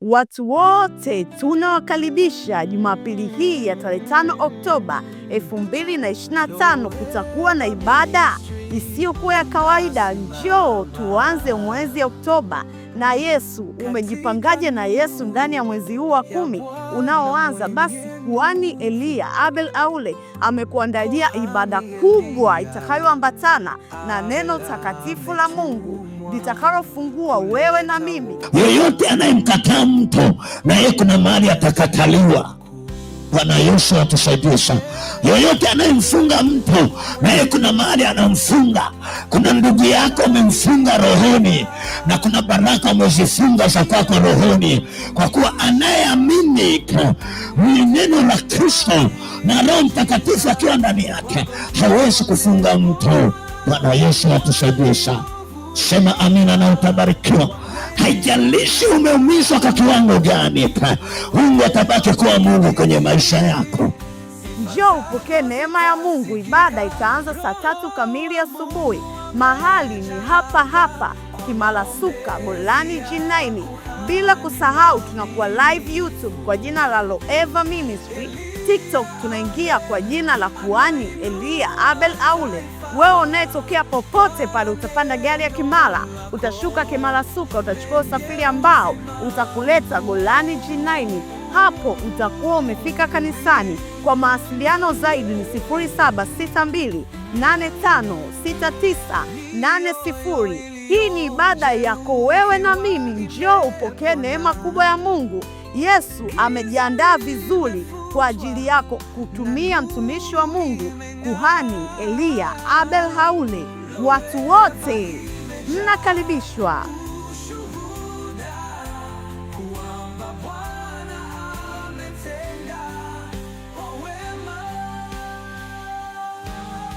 Watu wote tunawakaribisha Jumapili hii ya tarehe 5 Oktoba 2025 kutakuwa na ibada isiyokuwa ya kawaida. Njoo tuanze mwezi Oktoba na Yesu. Umejipangaje na Yesu ndani ya mwezi huu wa kumi unaoanza? Basi kuhani Eliya Abel aule amekuandalia ibada kubwa itakayoambatana na neno takatifu la Mungu litakalofungua wewe na mimi. Yoyote anayemkataa mtu na yeye kuna mahali atakataliwa. Bwana Yesu atusaidie sana. Yoyote anayemfunga mtu naye kuna mahali anamfunga. Kuna ndugu yako amemfunga rohoni, na kuna baraka umezifunga za kwako rohoni, kwa kuwa anayeamini ni neno la Kristo na Roho Mtakatifu akiwa ndani yake hawezi kufunga mtu. Bwana Yesu atusaidie sana. Sema amina na utabarikiwa. Haijalishi umeumizwa kwa kiwango gani, Mungu atabaki kuwa Mungu kwenye maisha yako. Njoo upokee neema ya Mungu. Ibada itaanza saa tatu kamili asubuhi. Mahali ni hapa hapa Kimara Suka, Golani G9. Bila kusahau tunakuwa live YouTube kwa jina la Loeva Ministry, TikTok tunaingia kwa jina la Kuhani Eliah Abel Haule wewe unayetokea popote pale, utapanda gari ya Kimara, utashuka Kimara Suka, utachukua usafiri ambao utakuleta Golani G9. Hapo utakuwa umefika kanisani. Kwa mawasiliano zaidi ni 0762856980. Hii ni ibada yako wewe na mimi. Njoo upokee neema kubwa ya Mungu. Yesu amejiandaa vizuri kwa ajili yako kutumia mtumishi wa Mungu kuhani Eliya Abel Haule, watu wote mnakaribishwa.